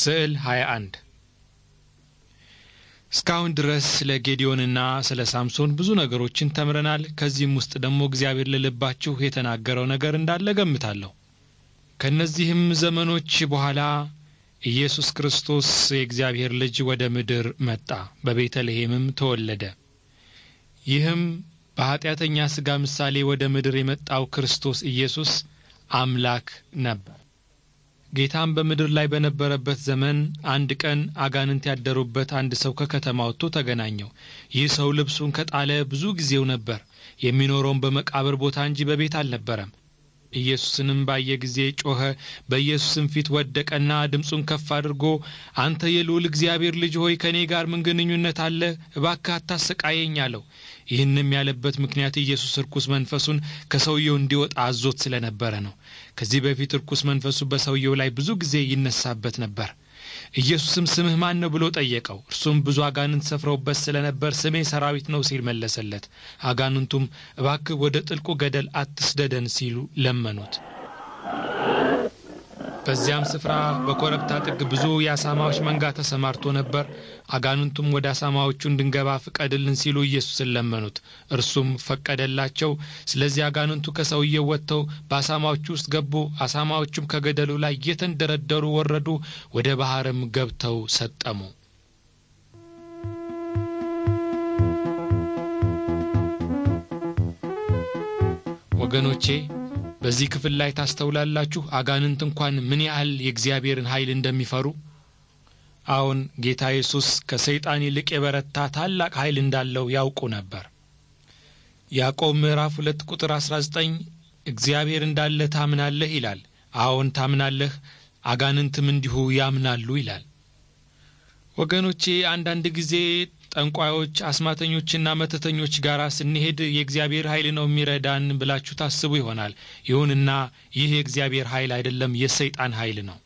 ስዕል 21 እስካሁን ድረስ ስለ ጌዲዮንና ስለ ሳምሶን ብዙ ነገሮችን ተምረናል። ከዚህም ውስጥ ደግሞ እግዚአብሔር ለልባችሁ የተናገረው ነገር እንዳለ ገምታለሁ። ከእነዚህም ዘመኖች በኋላ ኢየሱስ ክርስቶስ የእግዚአብሔር ልጅ ወደ ምድር መጣ፣ በቤተልሔምም ተወለደ። ይህም በኀጢአተኛ ሥጋ ምሳሌ ወደ ምድር የመጣው ክርስቶስ ኢየሱስ አምላክ ነበር። ጌታም በምድር ላይ በነበረበት ዘመን አንድ ቀን አጋንንት ያደሩበት አንድ ሰው ከከተማ ወጥቶ ተገናኘው። ይህ ሰው ልብሱን ከጣለ ብዙ ጊዜው ነበር። የሚኖረውም በመቃብር ቦታ እንጂ በቤት አልነበረም። ኢየሱስንም ባየ ጊዜ ጮኸ፣ በኢየሱስም ፊት ወደቀና ድምፁን ከፍ አድርጎ አንተ የልዑል እግዚአብሔር ልጅ ሆይ ከእኔ ጋር ምን ግንኙነት አለ? እባክህ አታሰቃየኝ አለው። ይህንም ያለበት ምክንያት ኢየሱስ ርኩስ መንፈሱን ከሰውየው እንዲወጣ አዞት ስለነበረ ነው። ከዚህ በፊት ርኩስ መንፈሱ በሰውየው ላይ ብዙ ጊዜ ይነሳበት ነበር። ኢየሱስም ስምህ ማን ነው ብሎ ጠየቀው። እርሱም ብዙ አጋንንት ሰፍረውበት ስለነበር ስሜ ሰራዊት ነው ሲል መለሰለት። አጋንንቱም እባክህ ወደ ጥልቁ ገደል አትስደደን ሲሉ ለመኑት። በዚያም ስፍራ በኮረብታ ጥግ ብዙ የአሳማዎች መንጋ ተሰማርቶ ነበር። አጋንንቱም ወደ አሳማዎቹ እንድንገባ ፍቀድልን ሲሉ ኢየሱስን ለመኑት። እርሱም ፈቀደላቸው። ስለዚህ አጋንንቱ ከሰውየው ወጥተው በአሳማዎቹ ውስጥ ገቡ። አሳማዎቹም ከገደሉ ላይ እየተንደረደሩ ወረዱ፣ ወደ ባህርም ገብተው ሰጠሙ። ወገኖቼ በዚህ ክፍል ላይ ታስተውላላችሁ አጋንንት እንኳን ምን ያህል የእግዚአብሔርን ኃይል እንደሚፈሩ አሁን ጌታ ኢየሱስ ከሰይጣን ይልቅ የበረታ ታላቅ ኃይል እንዳለው ያውቁ ነበር ያዕቆብ ምዕራፍ ሁለት ቁጥር አስራ ዘጠኝ እግዚአብሔር እንዳለ ታምናለህ ይላል አዎን ታምናለህ አጋንንትም እንዲሁ ያምናሉ ይላል ወገኖቼ አንዳንድ ጊዜ ጠንቋዮች፣ አስማተኞችና መተተኞች ጋር ስንሄድ የእግዚአብሔር ኃይል ነው የሚረዳን ብላችሁ ታስቡ ይሆናል። ይሁንና ይህ የእግዚአብሔር ኃይል አይደለም፣ የሰይጣን ኃይል ነው።